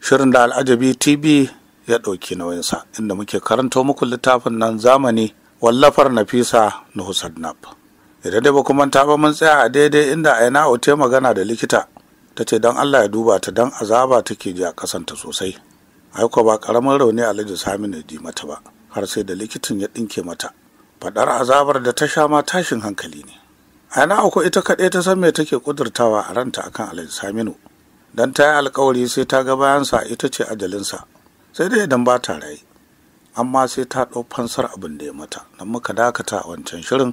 shirin da al'ajabi tv ya ɗauki nauyinsa inda muke karanto muku littafin nan zamani wallafar nafisa nuhusannab idan dai ba ta ba mun tsaya a daidai inda aina ote magana da likita ta ce don allah ya duba ta don azaba take ji a kasanta sosai aiko ba karamin rauni alhaji sami ne ji mata ba har sai da likitan ya ɗinke mata faɗar azabar da ta sha ma tashin hankali ne aina uku ita kaɗai ta san me take ƙudurtawa a ranta akan alhaji saminu don ta yi alkawari sai ta ga bayansa ita ce ajalinsa sai dai idan ba ta rai amma sai ta ɗau fansar abin da ya mata don muka dakata a wancan shirin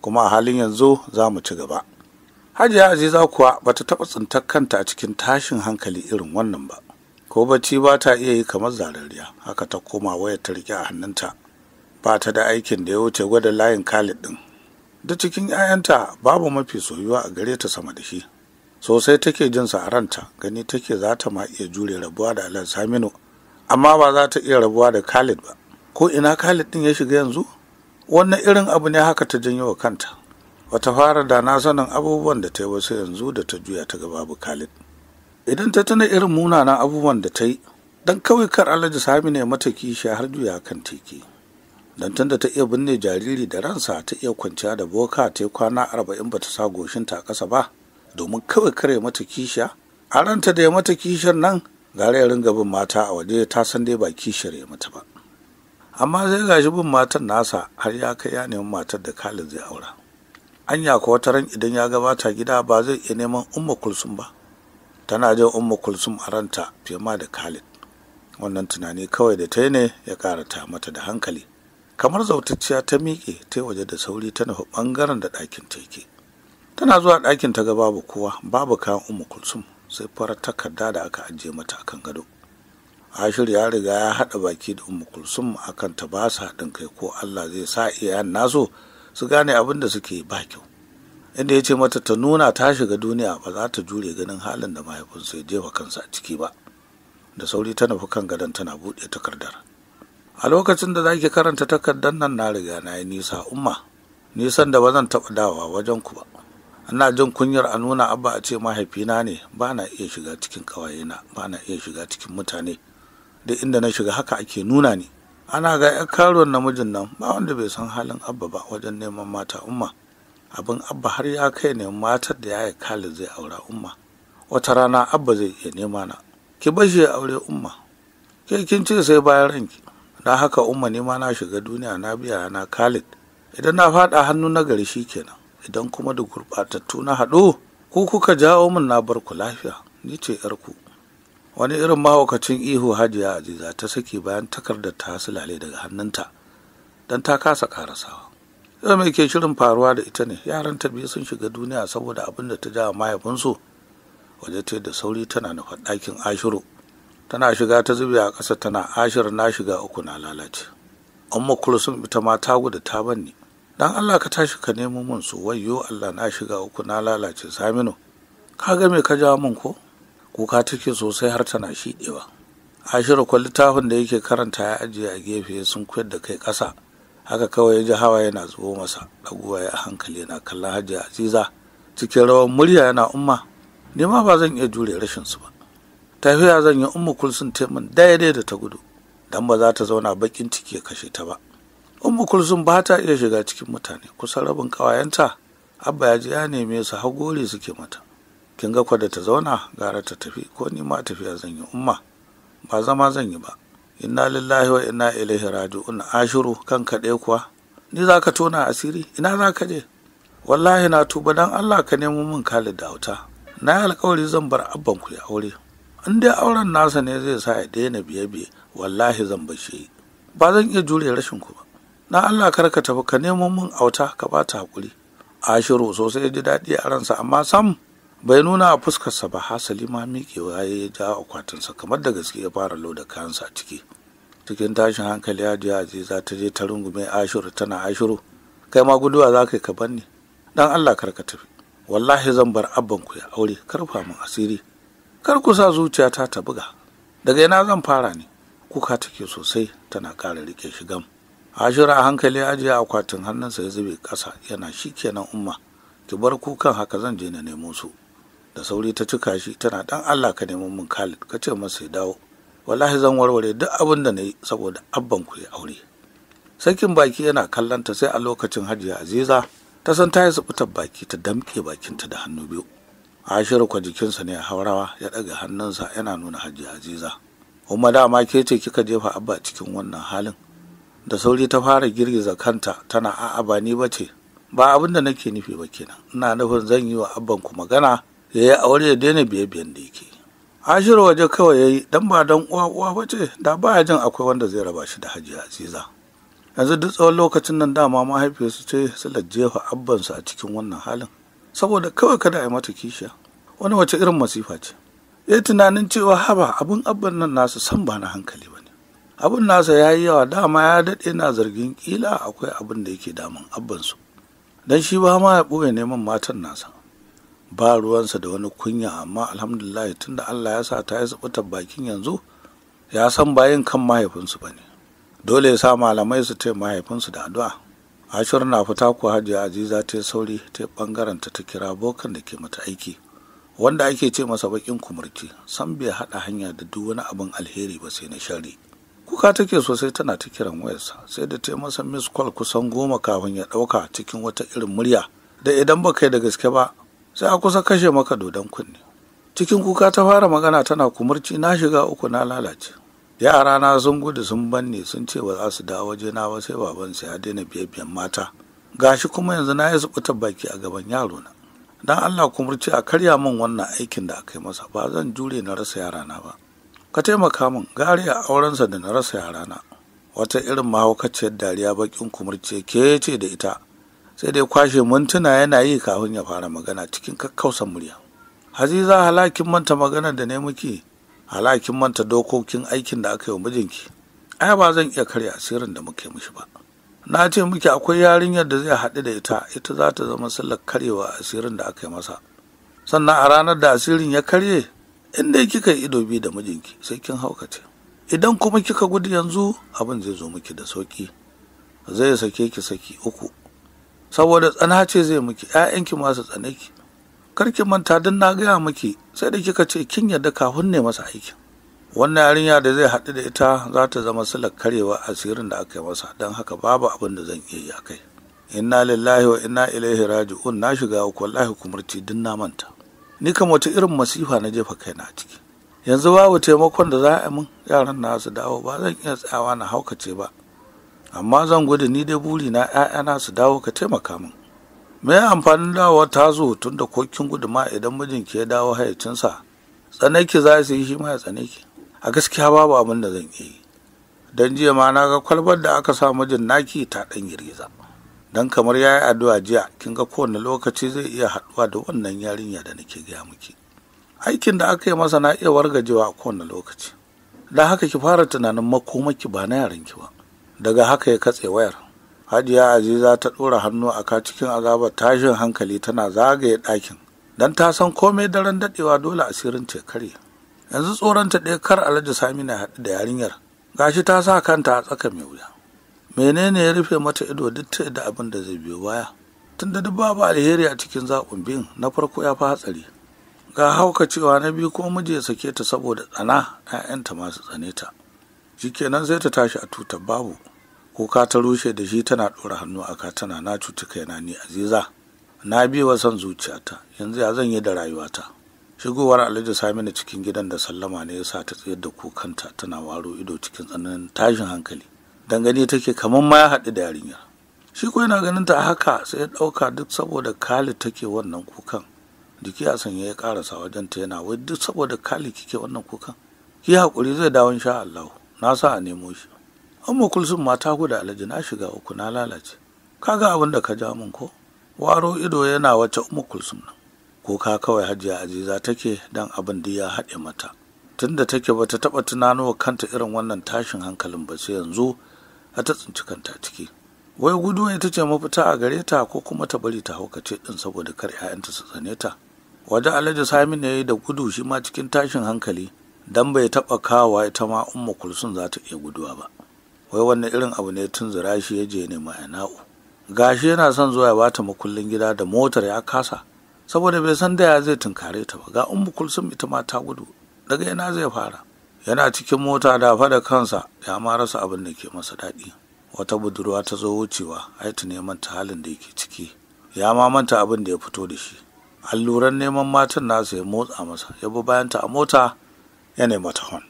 kuma a halin yanzu za mu ci gaba hajiya aziza kuwa ba ta taɓa tsintar kanta a cikin tashin hankali irin wannan ba ko bacci ba ta iya yi kamar zarariya haka ta koma wayar ta riƙe a hannunta ba ta da aikin da ya wuce gwada layin kalid ɗin Da cikin 'ya'yanta babu mafi soyuwa a gare ta sama da shi sosai take jin sa a ranta gani take za ta ma iya jure rabuwa da alhaji saminu amma ba za ta iya rabuwa da khalid ba ko ina khalid din ya shiga yanzu wannan irin abu ne haka ta janyo wa kanta wata fara da na sanin abubuwan da ta yi wasu yanzu da ta juya ta ga babu khalid idan ta tuna irin munanan abubuwan da ta yi dan kawai kar alhaji Saminu ya mata kishi har juya kan teki dan tunda ta iya binne jariri da ransa ta iya kwanciya da boka ta kwana arba'in ba ta sa goshinta a ƙasa ba domin kawai kare mata kisha a ranta da ya mata kishar nan gare ya ringa bin mata a waje ta san dai ba kishar ya mata ba amma zai gashi bin matan nasa har ya kai ya nemi matar da Khalid zai aura anya ko wata ran idan ya gabata gida ba zai iya neman umma kulsum ba tana jin umma kulsum a ranta fiye ma da Khalid wannan tunani kawai da ta ne ya karata mata da hankali kamar zautacciya ta miƙe ta waje da sauri ta nufi bangaren da ɗakin ta yake tana zuwa ɗakin ta ga babu kowa babu kayan umu kulsum sai farar takarda da aka ajiye mata akan gado ashir ya riga ya haɗa baki da umu kulsum akan ta ba su haɗin kai ko allah zai sa iyayen naso su gane abin da suke ba kyau inda ya ce mata ta nuna ta shiga duniya ba za ta jure ganin halin da mahaifinsa ya jefa kansa a ciki ba da sauri ta nufi kan gadon tana buɗe takardar a lokacin da zaki karanta takardar nan na riga na yi nisa umma nisan da ba zan taɓa dawa wajen ku ba ana jin kunyar a nuna abba a ce mahaifina ne ba na iya shiga cikin kawayena ba na iya shiga cikin mutane da inda na shiga haka ake nuna ni ana ga yan karuwar namijin nan ba wanda bai san halin abba ba wajen neman mata umma abin abba har ya kai ne matar da yaya kalin zai aura umma wata rana abba zai iya nema na ki bashi ya aure umma ke kin ce sai bayan ranki na haka umma nema na shiga duniya na biya na khalid idan na faɗa hannu na gari kenan idan kuma da gurɓatattu na haɗu ku kuka jawo min na barku, lafiya ni ce yarku wani irin mahaukacin ihu hajiya aziza ta saki bayan takarda ta sulale daga hannunta don ta kasa karasawa yau mai ke shirin faruwa da ita ne yaran ta biyu sun shiga duniya saboda abin da ta jawa mahaifinsu waje ta da sauri tana nufar ɗakin ashiru tana shiga ta zube a ƙasa tana ashir na shiga uku na lalace amma kulsum ita ma ta gudu ta banne dan Allah ka tashi ka nemo min su wayyo Allah na shiga uku na lalace Saminu ka ga me ka jawo min ko kuka take sosai har tana shiɗewa Ashiru ko littafin da yake karanta ya ajiye a gefe sun kuyar da kai ƙasa haka kawai ya ji hawa yana zubo masa ɗaguwa ya hankali yana kallon hajiya aziza cikin rawar murya yana umma ni ma ba zan iya jure rashin su ba tafiya zan yi umma kulsun taimun daidai da ta gudu dan ba za ta zauna bakin ciki ya kashe ta ba ummu kulsum ba ta iya shiga cikin mutane kusan rabin ƙawayenta abba ya ji ya neme su hagori suke mata kin ga kwada ta zauna gara ta tafi ko ni ma tafiya zan yi umma ba zama zan yi ba inna lillahi wa inna ilaihi raji'un ashiru kan kaɗai kuwa ni za ka tona asiri ina za ka je wallahi na tuba dan Allah ka nemo min Khalid da wuta. na yi alkawari zan bar abban ku ya aure in dai auren nasa ne zai sa ya daina biye biye wallahi zan bar shi ba zan iya jure rashin ku ba na Allah kar ka tafi ka nemo min auta ka bata hakuri ashiru sosai ya ji daɗi a ransa amma sam bai nuna a fuskarsa ba hasali ma wa ya ja akwatinsa kamar da gaske ya fara loda kayansa a ciki cikin tashin hankali ya hajiya aziza ta je ta rungume ashiru tana ashiru kai ma guduwa za ka yi ka banni dan Allah kar ka tafi wallahi zan bar abban ku ya aure karfa min asiri kar ku sa zuciyata ta buga daga ina zan fara ne kuka take sosai tana ƙara rike shigan. hashira a hankali ajiye akwatin hannunsa ya zube ƙasa yana shi kenan umma ki bar kukan haka zan je na nemo su da sauri ta cika shi tana dan Allah ka nemo min Khalid ka ce masa ya dawo wallahi zan warware duk abin da na yi saboda abban ku ya aure sakin baki yana kallon ta sai a lokacin hajiya aziza ta san ta yi sufutar baki ta damƙe bakinta da hannu biyu ashiru kwa jikinsa ne haurawa ya ɗaga hannunsa yana nuna hajiya aziza Umma dama ke ce kika jefa abba cikin wannan halin da sauri ta fara girgiza kanta tana a'a ba ni ba ba abin da nake nufi ba kenan ina nufin zan yi wa abban ku magana ya yi aure ya daina biye-biyen da yake ashiru waje kawai ya yi dan ba dan uwa uwa ba ce da baya jin akwai wanda zai raba shi da hajiya aziza yanzu duk tsawon lokacin nan dama mahaifiyarsu ce su jefa abbansu a cikin wannan halin saboda kawai kada a yi mata kishiya wani wace irin masifa ce ya tunanin cewa haba abin abban nan nasu san ba na hankali ba abin nasa ya yi yawa dama ya daɗe na zargin ƙila, akwai abin da yake damun abbansu don shi ba ma ya ɓoye neman matan nasa ba ruwansa da wani kunya amma alhamdulillah da allah ya sa ta yi zubutar bakin yanzu ya san bayan kan mahaifinsu ba ne dole ya sa malamai su ta mahaifinsu da addu'a ashur na fita ko hajiya aziza ta sauri ta bangaren ta kira bokan da ke mata aiki wanda ake ce masa bakin kumurci san bai haɗa hanya da duk wani abin alheri ba sai na shari kuka take sosai tana ta kiran wayarsa sai da ta yi masa miss call kusan goma kafin ya ɗauka cikin wata irin murya da idan ba kai da gaske ba sai a kusa kashe maka dodon kunne cikin kuka ta fara magana tana kumurci na shiga uku na lalace yara na sun gudu sun banne sun ce ba za su dawo waje na ba sai baban sai ya daina biyabiyan mata gashi kuma yanzu na yi zubuta baki a gaban yaro na dan Allah kumurci a karya min wannan aikin da aka yi masa ba zan jure na rasa yara na ba ka taimaka min gari a aurensa da na rasa yarana wata irin mahaukaciyar dariya bakin kumurce ke ce da ita sai dai kwashe mintuna yana yi kafin ya fara magana cikin kakkausan murya haziza halakin manta maganar da ne muke halakin manta dokokin aikin da aka yi wa mijinki ai ba zan iya karya asirin da muke mishi ba na ce miki akwai yarinyar da zai haɗu da ita ita za ta zama sallar karyewa asirin da aka yi masa sannan a ranar da asirin ya karye Inda kika yi ido biyu da mijinki sai kin haukace idan kuma kika gudu yanzu abin zai zo miki da sauki zai sake ki saki uku saboda tsana ce zai miki ƴaƴanki masu tsane ki kar ki manta don na gaya miki sai da kika ce kin yarda kafin ne masa aikin wannan yarinya da zai haɗu da ita za ta zama silar karewa asirin da aka yi masa don haka babu abin da zan iya yi a kai inna lillahi wa inna ilaihi raji'un na shiga uku wallahi kumurci din na manta ni kam wata irin masifa na jefa kai na ciki yanzu babu taimakon da za a min yaran na su dawo ba zan iya tsayawa na haukace ba amma zan gudu ni dai buri na ‘ya'yana su dawo ka taimaka min me amfanin dawowa ta zo tun da kokin gudu ma idan mijinki ya dawo hayacinsa tsanaki za su yi shi ma ya tsanaki a gaskiya babu abin da zan iya yi don jiya ma na ga kwalbar da aka sa mijin naki ta ɗan girgiza Don kamar ya yi addu'a jiya kin ga kowane lokaci zai iya haɗuwa da wannan yarinya da nake gaya miki aikin da aka yi masa na iya wargajewa a kowane lokaci da haka ki fara tunanin makomaki ba na ki ba daga haka ya katse wayar hajiya aziza ta ɗora hannu a ka cikin azabar tashin hankali tana zagaye ɗakin don ta san komai daren daɗewa dole asirin ce karya yanzu tsoronta ɗaya kar alhaji sami na haɗu da yarinyar gashi ta sa kanta a tsaka mai wuya menene ya rufe mata ido duk ta da abin da zai biyo baya tun da duk babu alheri a cikin zaɓin bin? na farko ya fi hatsari ga hauka cewa na biyu ko miji ya sake ta saboda tsana 'ya'yanta masu tsane ta kenan sai ta tashi a tutar babu kuka ta rushe da shi tana ɗora hannu a katana na cuci kaina ni aziza na bi wa son zuciyata yanzu ya zan yi da rayuwata shigowar alhaji samina cikin gidan da sallama ne ya sa ta tsayar da kukanta tana waro ido cikin tsananin tashin hankali dangane take kamar ma ya haɗu da yarinyar shi ko yana ganin ta haka sai ya ɗauka duk saboda kali take wannan kukan jiki a sanya ya ƙarasa wajen ta yana wai duk saboda kali kike wannan kukan ki hakuri zai dawo insha Allah na sa a nemo shi amma kulsun mata guda alaji na shiga uku na lalace kaga abin da ka ja mun ko waro ido yana wace umma kulsum nan ka kawai hajiya aziza take dan abin da ya haɗe mata tunda take bata taɓa tunanowa kanta irin wannan tashin hankalin ba sai yanzu har ta tsinci kanta ciki wai gudu ita ce mafita a gare ta ko kuma ta bari ta haukace din saboda kar 'ya'yanta su tsane ta wajen alhaji ya ne da gudu shi ma cikin tashin hankali dan bai taɓa kawa ita ma umma kulsun za ta iya guduwa ba wai wannan irin abu ne tun zira shi ya je nema ya na'u gashi yana son zuwa ya bata makullin gida da motar ya kasa saboda bai san da ya zai tunkare ta ba ga umma kulsun ita ma ta gudu daga ina zai fara yana cikin mota da fada kansa ya ma rasa abin da ke masa daɗi wata budurwa ta zo wucewa ta neman ta halin da yake ciki ya ma manta abin da ya fito da shi alluran neman matan nasa ya motsa masa ya bi bayanta a mota ya nema ta hon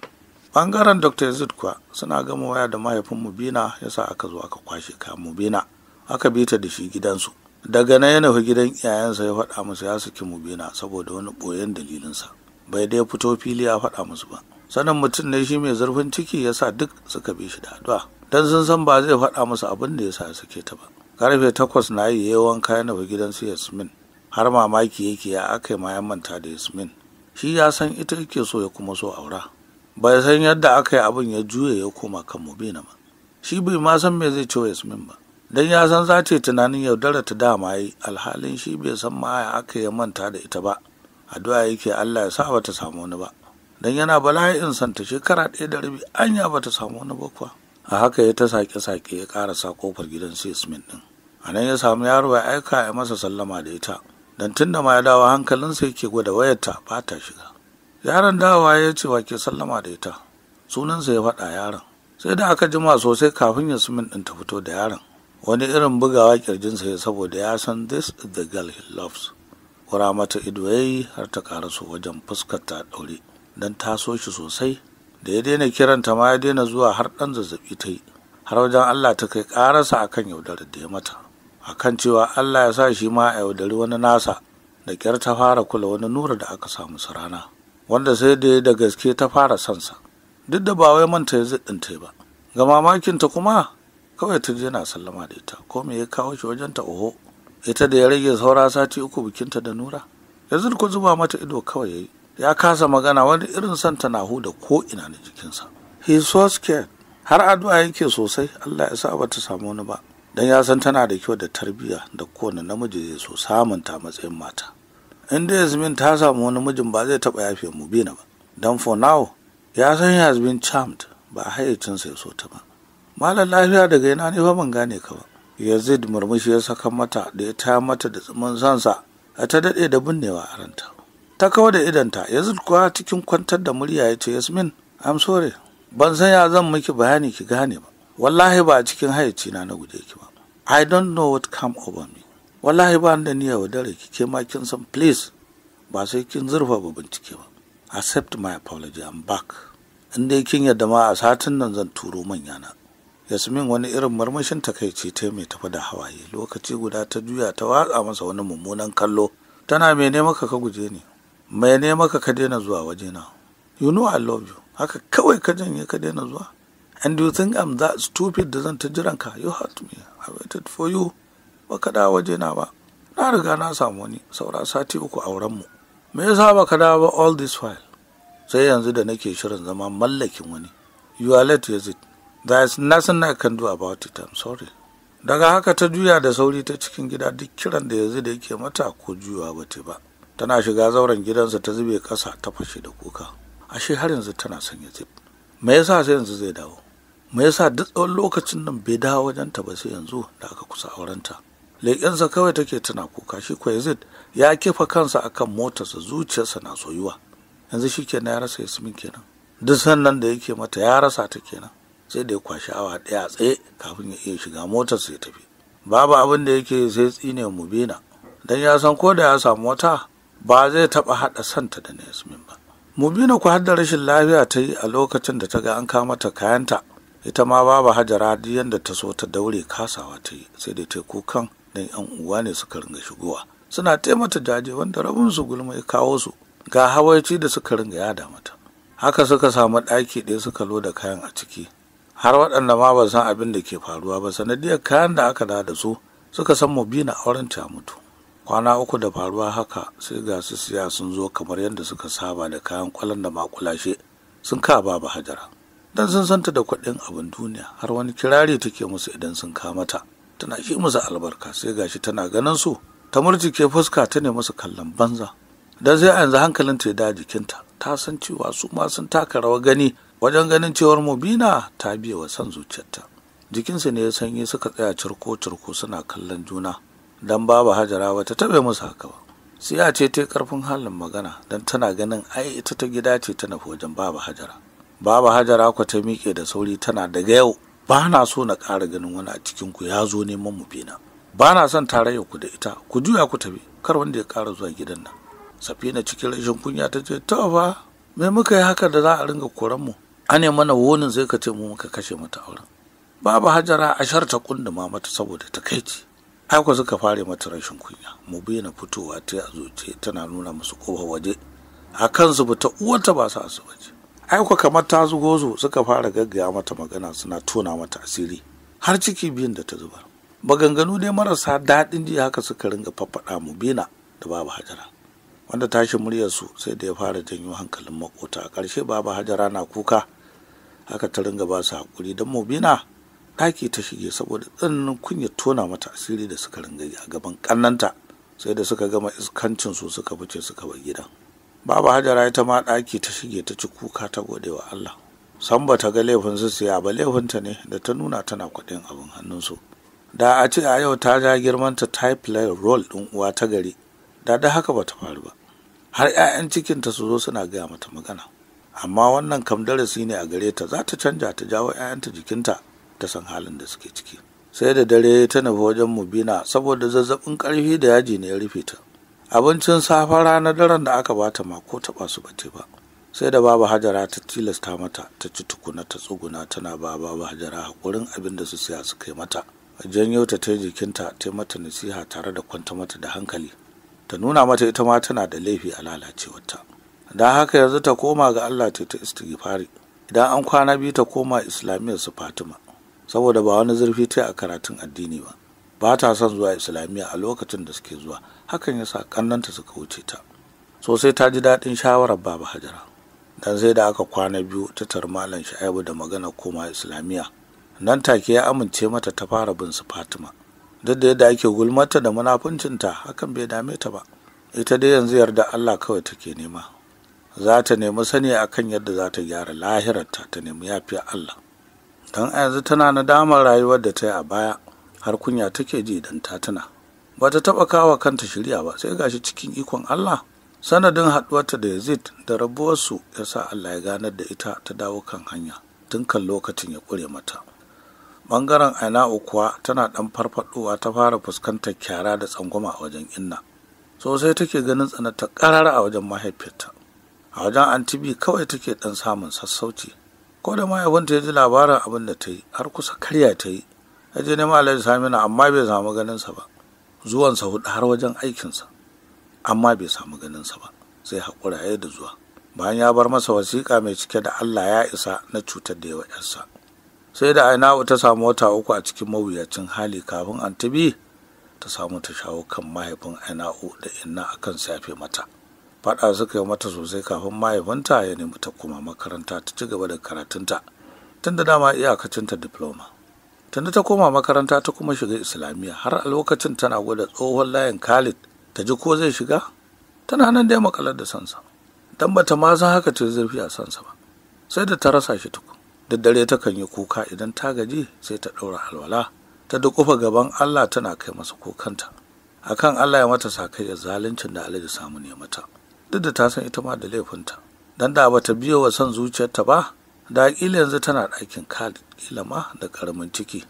bangaren dr yazid kuwa suna gama waya da mahaifin mubina ya sa aka zo aka kwashe ka. mubina aka bi ta da shi gidansu daga na ya nufi gidan iyayensa ya faɗa musu ya saki mubina saboda wani ɓoyen dalilinsa bai dai fito fili ya faɗa musu ba sanin mutum ne shi mai zurfin ciki ya sa duk suka bi shi da addu'a don sun san ba zai faɗa musu abin da ya sa suke ta ba karfe takwas na yi yawan kayan gidan su yasmin har mamaki yake ya aka yi mayan manta da yasmin shi ya san ita yake so ya kuma so aura bai san yadda aka yi abin ya juya ya koma kan mubina ba shi bai ma san me zai ci wa yasmin ba don ya san za ce tunanin yaudara ta dama yi alhalin shi bai san ma ya aka yi manta da ita ba addu'a yake allah ya sa bata samu wani ba dan yana bala'in santa shekara ɗaya da rabi anya ba ta samu wani bakwa a haka ya ta sake-sake ya karasa kofar gidan sismin din a nan ya samu yaro ya aika ya masa sallama da ita don tun da ma ya dawo hankalinsa yake gwada wayarta ba ta shiga yaron dawa ya ce wa ke sallama da ita sunansa ya faɗa yaron sai da aka jima sosai kafin ya yasmin ɗin ta fito da yaron wani irin bugawa kirjinsa ya saboda ya san this is the girl he loves kura mata ido yayi har ta karaso wajen fuskar ta ɗaure don taso shi sosai da ya daina kiranta ma ya daina zuwa har ɗan zazzaɓi ta yi har wajen allah ta kai ƙararsa akan yaudarar da ya mata akan cewa allah ya sa shi ma a yaudari wani nasa da ƙyar ta fara kula wani nura da aka samu su rana wanda sai da ya da gaske ta fara sansa duk da ba wai manta ya ziɗinta ba ga mamakinta kuma kawai ta je na sallama da ita ko me ya kawo shi wajen ta oho ita da ya rage saura sati uku bikinta da nura yanzu ko zuba mata ido kawai yayi ya kasa magana wani irin ta na huda ko ina na jikinsa he is so scared har addu'a yake sosai Allah ya sa ba ta samu wani ba dan ya san tana da kyau da tarbiyya da kowane namiji zai so samun ta matsayin mata in dai Yasmin ta samu wani mijin ba zai taba yafe mu na ba dan for now ya san he has been charmed ba hayyacinsa ya so ta ba malam lafiya daga ina ne fa ban gane ka ba Yazid murmushi ya saka mata da ya taya mata da tsimin sansa ta daɗe da binnewa a ranta ta kawo da idanta ya kuwa cikin kwantar da murya ya ce yasmin am sorry ban san ya zan miki bayani ki gane ba wallahi ba a cikin hayyaci na na guje ki ba i don't know what come over me wallahi ba da niyya wa dare ki ke ma kin san please ba sai kin zurfa ba bincike ba accept my apology i'm back in dai kin yadda ma a satin nan zan turo manya na yasmin wani irin marmashin takaici ta mai tafi da hawaye lokaci guda ta juya ta watsa masa wani mummunan kallo tana mai maka ka guje ni mai ne maka ka daina zuwa wajena you know i love you haka kawai ka janye ka daina zuwa and you think i'm that stupid da zan ta jiran ka you hurt me i waited for you Ba ka dawo wajena ba na riga na samu wani saura sati uku auren mu me yasa ka dawo ba all this while sai yanzu da nake shirin zama mallakin wani you are late is it there is nothing i can do about it i'm sorry daga haka ta juya da sauri ta cikin gida duk kiran da yanzu da yake mata ko juyawa ba ta ba tana shiga zauren gidansa ta zube ƙasa ta fashe da kuka ashe har yanzu tana sanya zip me yasa sai yanzu zai dawo me yasa duk tsawon lokacin nan bai dawo wajen ta ba sai yanzu da aka kusa auren aurenta leƙensa kawai take tana kuka shi ko yazid ya kifa kansa akan motarsa zuciyarsa na soyuwa yanzu shi kenan ya rasa yasmin kenan duk sannan da yake mata ya rasa ta kenan sai da ya kwashi awa ɗaya a tsaye kafin ya iya shiga motarsa ya tafi babu abin da yake sai tsine mu mubina dan ya san ko da ya samu wata ba zai taba haɗa santa da Yasmin ba. Mubina ku hadda rashin lafiya ta yi a lokacin da ta ga an kama ta kayanta, ita ma babu hajara duk yadda ta so ta daure kasawa ta yi sai da ta kukan da yan uwa ne suka ringa shigowa. Suna taimata jaje wanda rabin su gulma ya kawo su ga hawaici da suka ringa yada mata. Haka suka samu ɗaki ɗaya suka loda kayan a ciki. Har waɗanda ma ba san abin da ke faruwa ba sanadiyar kayan da aka da su suka san mubina auren ta mutu. kwana uku da faruwa haka sai ga su siya sun zo kamar yadda suka saba da kayan kwalan da makulashe sun ka babu hajara dan sun santa da kuɗin abin duniya har wani kirari take musu idan sun kamata tana shi musu albarka sai gashi tana ganin su ta murjike fuska ta ne musu kallon banza dan sai a yanzu hankalin ta da jikinta ta san cewa su ma sun taka rawa gani wajen ganin cewar mubina ta biye wa san zuciyarta Jikinsa ne ya sanye suka tsaya cirko cirko suna kallon juna Don Babu hajara wata taɓa musu haka ba sai a ce ta karfin halin magana don tana ganin ai ita ta gida ce ta nufi wajen Babu hajara Babu hajara ku ta miƙe da sauri tana daga yau ba na so na ƙara ganin wani a cikin ku ya zo neman mu bina ba na son tarayya ku da ita ku juya ku tafi kar wanda ya ƙara zuwa gidan nan safina cikin rashin kunya ta ce to fa me muka yi haka da za a ringa koran mu an mana wonin sai ka ce mu muka kashe mata auren Babu hajara a sharta kunduma mata saboda ta takaici aiko suka fare mata rashin kunya mu bayyana fitowa ta a zuce tana nuna musu kofa waje a kansu bata uwarta ba su asubaci aiko kamar ta su suka fara gaggaya mata magana suna tona mata asiri har ciki biyun da ta zubar maganganu dai marasa daɗin ji haka suka ringa faffaɗa mu bina da babu hajara wanda tashin su sai da ya fara janyo hankalin makota a ƙarshe babu hajara na kuka haka ta ringa ba su haƙuri don mubina ɗaki ta shige saboda tsananin kunya tona mata asiri da suka ringayi a gaban kannanta sai da suka gama iskancin su suka fice suka bar gidan baba hajara ita ma ɗaki ta shige ta ci kuka ta gode wa allah san ba ta ga laifin su siya ba laifinta ne da ta nuna tana kwaɗin abin su da a ce a yau ta ja girmanta ta play role ɗin uwa ta gari da da haka ba ta faru ba har 'ya'yan cikinta su zo suna gaya mata magana amma wannan kam darasi ne a gare ta za ta canja ta jawo 'ya'yanta jikinta ta san halin da suke ciki sai da dare ta nufi wajen mubina saboda zazzabin karfi da yaji ne ya rufe ta abincin safe rana daren da aka bata ma ko taba su bace ba sai da babu hajara ta tilasta mata ta ci tukuna ta tsuguna tana ba babu hajara haƙurin abin da su siya su kai mata janyo ta ta jikinta ta mata nasiha tare da kwanta mata da hankali ta nuna mata ita ma tana da laifi a lalacewarta da haka yanzu ta koma ga allah ta ta istighfari idan an kwana biyu ta koma islamiyyar su fatima saboda ba wani zurfi ta a karatun addini ba ba ta son zuwa islamiyya a lokacin da suke zuwa hakan ya sa kannanta suka wuce ta sosai ta ji daɗin shawarar baba hajara dan sai da aka kwana biyu ta tarmalan sha'ibu da magana koma islamiyya nan take ya amince mata ta fara bin su fatima duk da yadda ake gulmata da munafuncinta hakan bai dame ta ba ita dai yanzu yarda allah kawai take nema za ta nemi sani akan yadda za ta gyara lahirarta ta nemi yafiya allah don a yanzu tana nadamar rayuwar da ta yi a baya har kunya take ji idan ta tuna ba ta taɓa kawo kanta shirya ba sai gashi cikin ikon Allah sanadin haɗuwarta da Yazid da rabuwarsu ya sa Allah ya ganar da ita ta dawo kan hanya tun kan lokacin ya ƙure mata ɓangaren Aina kuwa tana ɗan farfaɗowa ta fara fuskantar kyara da tsangwama a wajen inna sosai take ganin tsanata ƙarar a wajen mahaifiyarta a wajen antibi kawai take ɗan samun sassauci ko da mahaifinta ya ji labarin abin da ta yi har kusa karya ta yi ya je neman alhaji samina amma bai samu ganinsa ba zuwansa hudu har wajen aikinsa amma bai samu ganinsa ba sai haƙura ya da zuwa bayan ya bar masa wasiƙa mai cike da allah ya isa na cutar da yawa yarsa sai da aina ta samu wata uku a cikin mawuyacin hali kafin antibi ta samu ta shawo kan mahaifin aina'u da inna akan safe mata faɗa suka yi mata sosai kafin mahaifinta ya nemi ta koma makaranta ta ci gaba da karatunta tun da dama ta diploma da ta koma makaranta ta kuma shiga islamiyya har a lokacin tana gwada tsohon layin khalid ta ji ko zai shiga tana nan dai makalar da sansa dan bata ma san haka ce zurfi a sansa ba sai da ta rasa shi tukun da dare takan yi kuka idan ta gaji sai ta ɗaura alwala ta dukufa gaban Allah tana kai masa kokanta akan Allah ya mata sakai da zaluncin da Alhaji samu ne mata duk da ta san ita ma da laifinta don da ta biyo wa son zuciyarta ba da yanzu tana ɗakin Khalid kila ma da ƙaramin ciki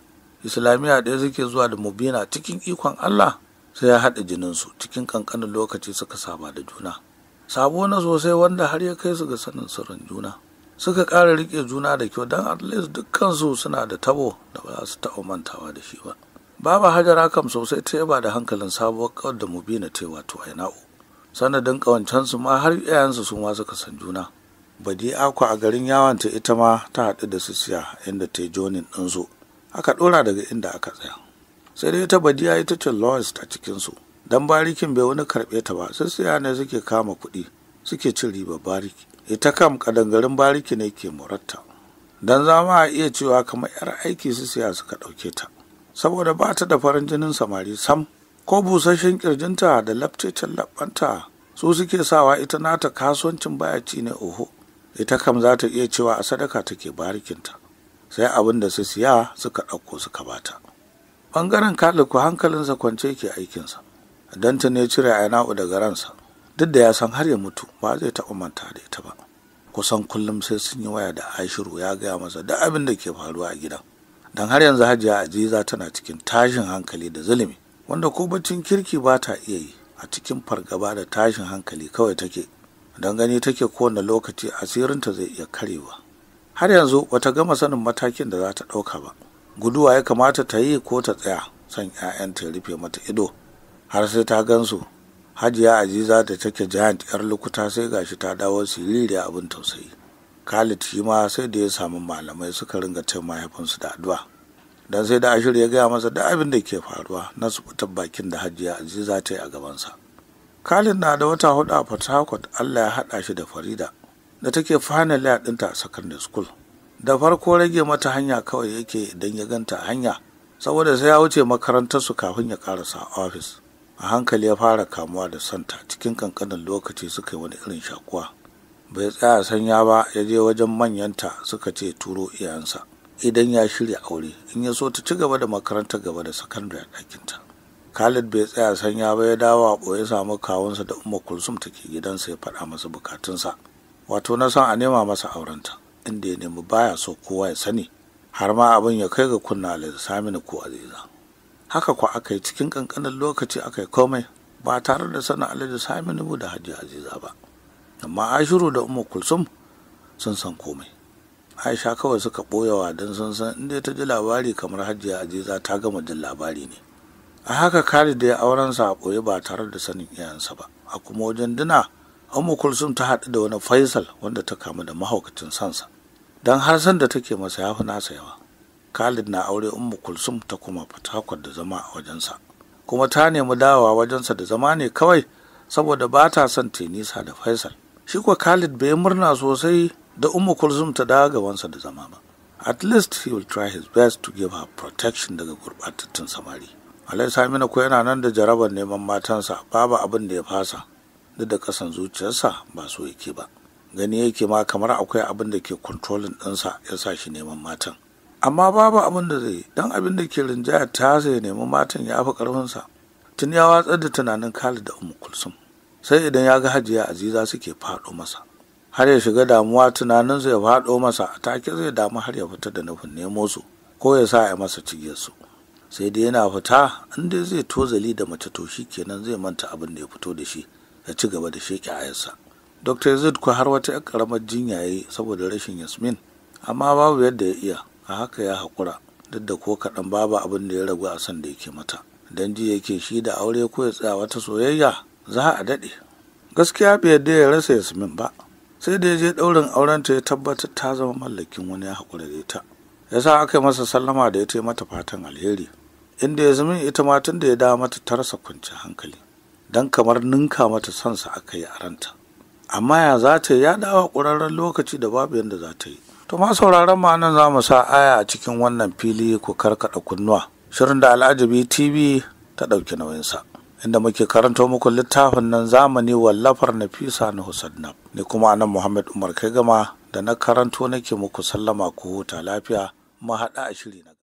islamiyya ɗaya suke zuwa da mubina cikin ikon Allah sai ya haɗa jinin su, cikin ƙanƙanin lokaci suka saba da juna sabo na sosai wanda har ya kai su ga sanin sirrin juna suka ƙara riƙe juna da kyau don at least dukkansu suna da tabo da ba za su taɓa mantawa da shi ba babu hajara kam sosai ta yaba da hankalin sabuwar kawar da mubina ta wato aina'u sanadin su ma har iyayensu su ma suka san juna badi akwa a garin yawanta ita ma ta haɗu da sisiya inda ta yi jonin ɗinsu aka ɗora daga inda aka tsaya sai dai ya badiya ita ce lawrence ta cikinsu dan barikin bai wani karɓe ta ba sisiya ne suke kama kuɗi suke cin riba bariki ita kam kadangarin bariki ne ke muratta dan zama a iya cewa kamar yar aiki sisiya suka ɗauke ta saboda ba ta da farin jinin samari sam ko busasshen kirjinta da laftacen laɓanta su suke sawa ita nata kasuwancin baya ci ne oho ita kam za ta iya cewa a sadaka take barikinta sai abin da su siya suka ɗauko suka bata ɓangaren ku hankalinsa kwance ke aikinsa don ta ne cire aina'u daga ransa duk da ya san har ya mutu ba zai taɓa manta da ita ba kusan kullum sai sun yi waya da ashiru ya gaya masa duk abin da ke faruwa a gidan don har yanzu hajiya ajiza tana cikin tashin hankali da zulumi wanda ko baccin kirki ba ta iya yi a cikin fargaba da tashin hankali kawai take don gani take kowane lokaci asirinta zai iya karewa har yanzu wata gama sanin matakin da za ta ɗauka ba guduwa ya kamata ta yi ko ta tsaya son 'ya'yanta ya rufe mata ido har sai ta gansu hajiya aziza da take giant yar lukuta sai gashi ta dawo siririya abin tausayi khalid shi ma sai da ya samu malamai suka ringa cin mahaifinsu da addu'a dan sai da ashirin ya gaya masa da abin da ke faruwa na subutan bakin da hajiya aji za ta yi a gabansa kalin na da wata hudu a port harcourt allah ya haɗa shi da farida da take fana laya ɗinta a secondary school da farko rage mata hanya kawai yake idan ya ganta hanya saboda sai ya wuce makarantarsu kafin ya karasa ofis a hankali ya fara kamuwa da santa cikin kankanin lokaci suka yi wani irin shakuwa bai tsaya sanya ba ya je wajen manyanta suka ce turo iyayensa idan ya shirya aure in ya so ta ci gaba da makarantar gaba da sakandare a ɗakinta khalid bai tsaya sanya ba ya dawo a ɓoye samu kawunsa da umma kulsum take gidansa ya faɗa masa bukatunsa wato na san a nema masa aurenta inda ya nemi baya so kowa ya sani har ma abin ya kai ga kunna alhaji samina ko aziza haka kwa aka yi cikin ƙanƙanin lokaci aka yi komai ba tare da sanin alhaji saminu da hajji aziza ba amma ashiru da umma kulsum sun san komai aisha kawai suka ɓoyawa don sun san inda ta ji labari kamar hajiya ajiza ta gama jin labari ne a haka khalid da ya auren sa a ɓoye ba tare da sanin iyayensa ba a kuma wajen dina ummu kulsum ta haɗu da wani faisal wanda ta kamu da mahaukacin sansa don har san da take masa ya fi nasa yawa khalid na aure ummu kulsum ta kuma fatakwar da zama a wajensa kuma ta nemi dawowa wajensa da zama ne kawai saboda ba ta son ta da faisal shi kuwa khalid bai murna sosai da umu Kulzum ta dawo gabansa da zama ba. At least he will try his best to give her protection daga gurɓatattun samari. Alai Samina ko yana nan da jarabar neman matansa babu abin da ya fasa duk da kasan zuciyarsa ba so yake ba. Gani yake ma kamar akwai abin da ke kontrolin ɗinsa ya sa shi neman matan. Amma babu abin da zai don abin da ke rinjaya ta zai nemi matan ya fi ƙarfinsa. Tun ya watsar da tunanin Khalid da umu Kulsum. Sai idan ya ga Hajiya Aziza suke faɗo masa. har ya shiga damuwa tunanin ya faɗo masa a take zai damu har ya fita da nufin nemo su ko ya sa ya masa su sai dai yana fita in dai zai tozali da mace to shi kenan zai manta abin da ya fito da shi ya ci gaba da sheke ayarsa dr zid ku har wata 'yar karamar jinya ya yi saboda rashin yasmin amma babu yadda ya iya a haka ya haƙura duk da ko kaɗan babu abin da ya ragu a san da yake mata don ji yake shi da aure ko ya tsaya wata soyayya za a daɗe gaskiya bai yarda ya rasa yasmin ba sai da ya je ɗaurin ta ya tabbatar ta zama mallakin wani ya haƙura da ita ya sa aka yi masa sallama da ya ta mata fatan alheri inda ya zama ita ma da ya dawo mata ta rasa kwanciyar hankali don kamar ninka mata sansa aka yi a ranta amma ya za ta yi ya dawo ƙurarren lokaci da babu yadda za ta yi to ma sauraron ma nan za mu sa aya a cikin wannan fili ku karkaɗa kunnuwa shirin da al'ajabi tv ta ɗauki nauyinsa inda muke karanto muku littafin nan zamani wallafar Nafisa na Husadna ni kuma anan Muhammad Umar kai gama da na karanto nake muku sallama ku huta lafiya mu haɗa a shiri na